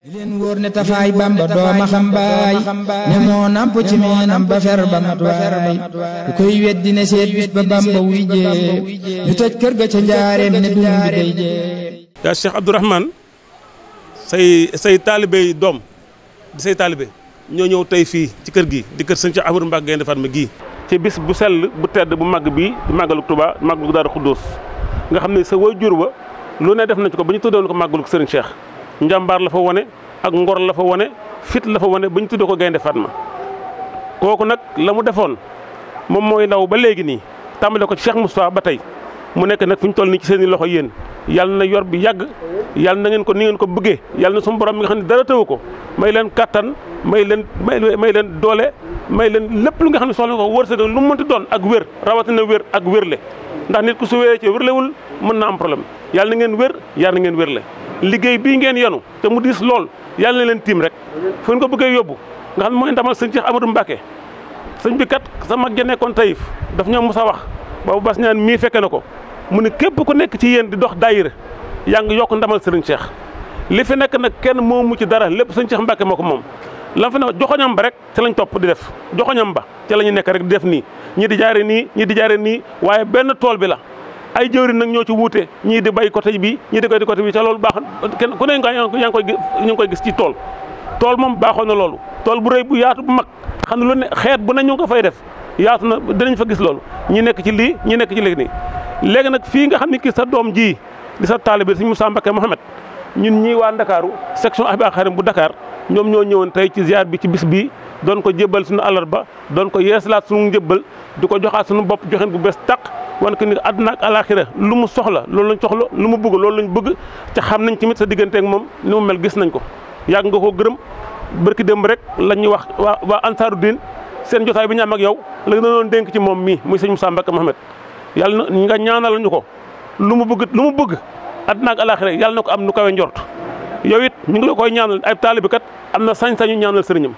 di leen wóor ne tafaay bamba dooma xam baay ne moo namp ci meenam ba fer ba mat waay ku koy weddi ne seet bis ba bamba wuy jéem ñu toj kër ga ca njaareem ne dund bi day jéem yaa Cheikh Abdourahmane say say taalibey doom di say taalibe ñoo ñëw tey fii ci kër gi di kër sëñ Cheikh Ahmadou Mbacké Gaïndé Fatma gii ci bis bu sell bu tedd bu màgg bi di màggalu Touba màggalu Daaru Xuddoos nga xam ne sa waajur wa lu ne def nañ ko ba ñu tuddoon ko màggalu Sëriñ Cheikh njàmbaar la fa wane ak ngor la fa wane fit la fa wane ba ñu tuddee ko gaynde Fatma kooku nag la mu defoon moom mooy law ba léegi nii tàmbale ko Cheikh Moustapha ba tey mu nekk nag fu ñu toll nii ci seen i loxo yéen yàlla na yor bi yàgg yàlla na ngeen ko ni ngeen ko bëggee yàlla na suñu borom mi nga xam ne dara tëwu ko may leen kattan may leen may leen doole may leen lépp lu nga xam ne soxla ko wërsëg lu mu mënti doon ak wér rawatina wér ak wérle ndax nit ku su wéyee ci wérlewul mën na am problème yàlla ngeen wér yàlla na ngeen wérle liggéey bii ngeen yenu te mu diis lool yàlla leen tiim rek fu ñu ko bëggee yóbbu nga xam ne mooy ndamal sëñ Cheikh Amadou Mbacke sëñ bi kat sa mag ja nekkoon tayif daf ñoo mos a wax boobu bas ñaan mii fekke na ko mu ne képp ku nekk ci yéen di dox daayira yaa ngi yokk ndamal sëriñ Cheikh li fi nekk nag kenn moomu ci dara lépp sëñ Cheikh Mbacke moo ko moom lan fa ne joxoñam ba rek ci lañ topp di def joxoñam ba ci la ñu nekk rek di def nii ñi di jaare nii ñi di jaare nii waaye benn tool bi la ay jëwriñ nag ñoo ci wuute ñii di bay côté bii ñii di koy di côté bi te loolu baax kenn ku ne nga yaa ngi koy ñu koy gis ci tool tool moom baaxoon na loolu tool bu rëy bu yaatu bu mag xam ne lu ne xeet bu ne ñu ngi fay def yaatu na dinañ fa gis loolu ñi nekk ci lii ñi nekk ci léegi nii léegi nag fii nga xam ne kii sa doom ji di sa taalibe Sëriñ Moussa Mbacké Mohamed ñun ñii waa Ndakaaru section Ahibahil Khadim bu dakaar ñoom ñoo ñëwoon tey ci ziar bi ci bis bii doon ko jébbal suñu àllarba doon ko yeesalaat suñu njëbbal di ko joxaat suñu bopp joxeen bu bees tàq wan ko ni àdduna ak alaxira lu mu soxla loolu lañ soxla lu mu bëgg loolu lañ bëgg te xam nañ tamit sa diggante moom ni mu mel gis nañ ko yàgg nga koo gërëm barki dëmb rek la ñuy wax waa waa ansaaru diin seen jotaay bi ñu am ak yow la na doon dénk ci moom mii muy sëñ Moussa Mbacke Mohamed yàlla na nga ñaanal ñu ko lu mu bëgg lu mu bëgg àdduna ak alaxira yàlla na ko am nu kawe njort yow it ñu ngi la koy ñaanal ay taalibi kat am na sañ-sañu ñaanal sëriñam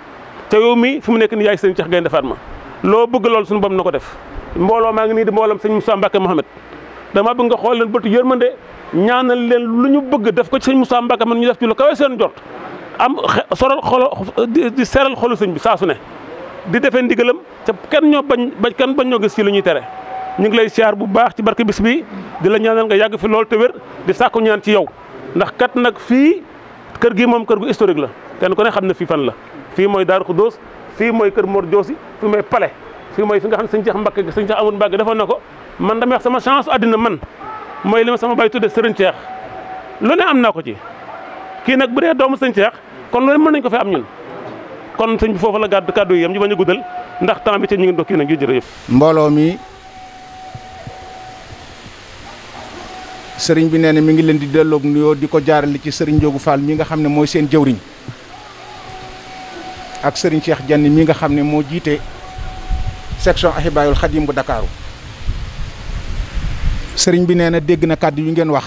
te yow mii fi mu nekk ni yaay sëriñ Cheikh Gaynde Fatma loo bëgg loolu suñu borom na ko def mbooloo maa ngi nii di mbooloom sëñ Moussa Mbacke Mouhamed dama bëgg nga xool leen bëtu yërmande ñaanal leen lu ñu bëgg def ko ci sëñ Moussa Mbacke man ñu def ci lu kawe seen jort am soral xolo di seral xolu sëñ bi saa su ne di defee ndigalam ca kenn ñoo bañ bañ kenn bañ ñoo gis ci lu ñuy tere ñu ngi lay siyaar bu baax ci barke bis bi di la ñaanal nga yàgg fi loolu te wér di sàkku ñaan ci yow ndax kat nag fii kër gi moom kër gu historique la kenn ku ne xam ne fii fan la fii mooy Daaru Xuddoos fii mooy kër Mor Joosi fii mooy Palais fi mooy fi nga xam ne sëñ Cheikh Mbacke sëñ Cheikh Amadou Mbacke defoon na ko man damay wax sama chance àddina man mooy li ma sama bay tudde sëriñ Cheikh lu ne am naa ko ci kii nag bu dee doomu sëñ kon loolu mën nañ ko fi am ñun kon sëñ bi foofu la gàddu kàddu yi yam ñu bañ a guddal ndax temps bi ci ñu ngi ndokki na ñu jërëjëf mbooloo mi sëriñ bi nee na mi ngi leen di delloog nuyoo di ko jaarale ci sëriñ Njoogu Fall mi nga xam ne mooy seen jëwriñ ak sëriñ Cheikh Diagne nga xam ne moo jiite section ahibaayul xadim bu Dakaaru sëriñ bi nee na dégg na kàddu yu ngeen wax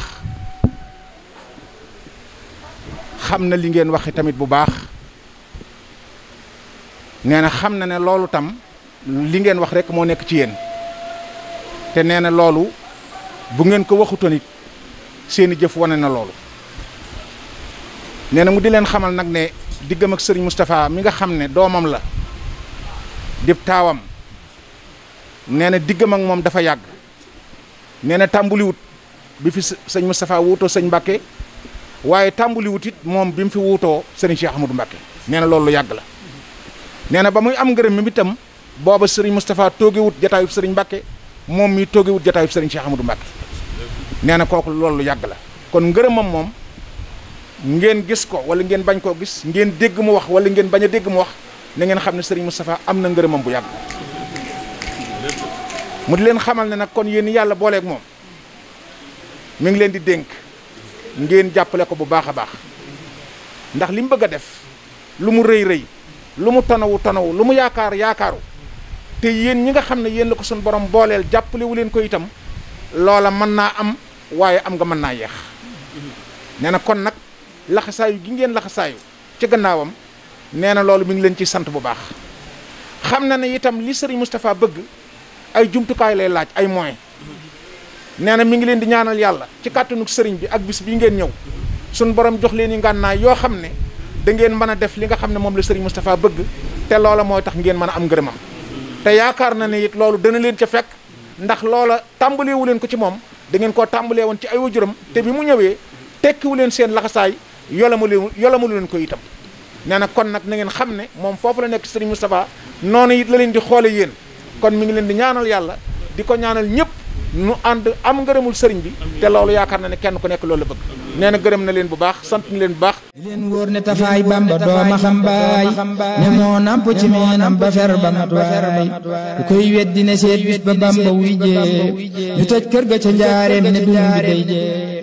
xam na li ngeen waxe tamit bu baax nee na xam na ne loolu tam li ngeen wax rek moo nekk ci yen te nee na loolu bu ngeen ko waxutoon seeni jëf wane na loolu nee na mu di leen xamal nag ne diggam ak sëriñ mustafaa mi nga xam ne doomam la dib taawam nee na diggam ak moom dafa yàgg nee na tàmbuliwut bi fi sëñ Moustapha wuutoo sëñ Mbacke waaye tàmbuliwut it moom bi mu fi wuutoo sëriñ Cheikh Ahmadou Mbacke nee na loolu yàgg la nee na ba muy am ngërëm mi itam booba sëriñ mustafaa toogewut jataayub sëriñ Mbacke moom mi toogewut jataayub sëriñ Cheikh Ahmadou Mbacke nee na kooku loolu yàgg la kon ngërëmam moom ngeen gis ko wala ngeen bañ koo gis ngeen dégg mu wax wala ngeen bañ a dégg mu wax na ngeen xam ne sëriñ Moustapha am na ngërëmam bu yàgg mu di leen xamal ne nag kon yéen yàlla booleek moom mi ngi leen di dénk ngeen jàppale ko bu baax a baax ndax li mu bëgg a def lu mu rëy rëy lu mu tanawu tanawu lu mu yaakaar yaakaaru te yéen ñi nga xam ne yéen la ko suñu borom booleel jàppalewu leen ko itam loola mën naa am waaye am nga mën naa yeex nee na kon nag laxasaayu gi ngeen laxasaayu ci gannaawam nee na loolu mi ngi leen ci sant bu baax xam na ne itam li sëriñ Moustapha bëgg ay jumtukaay lay laaj ay moyens nee na mi ngi leen di ñaanal yàlla ci kàttanuk sëriñ bi ak bis bii ngeen ñëw suñ borom jox leen yi ngànnaay yoo xam ne dangeen ngeen mën a def li nga xam ne moom la sëriñ Moustapha bëgg te loola mooy tax ngeen mën a am ngërëmam te yaakaar na ne it loolu dana leen ca fekk ndax loola tàmbaleewu leen ko ci moom dangeen koo tàmbalee woon ci ay wajuram te bi mu ñëwee tekkiwu leen seen laxasaay yolama leen yolamalu leen ko itam nee na kon nag na ngeen xam ne moom foofu la nekk sëriñ Moustapha noonu it la leen di xoole yéen kon mi ngi leen di ñaanal yàlla di ko ñaanal ñëpp nu ànd am ngërëmul sëriñ bi te loolu yaakaar na ne kenn ku nekk loolu la bëgg nee na gërëm na leen bu baax sant na leen bu baax leen wóor ne tafaay bamba dooma xam baay ne moo namp ci meenam ba fer ba mat waay ku koy weddi ne seet bis ba bamba wuy jee ñu toj kër ga ca njaareem ne dund day jee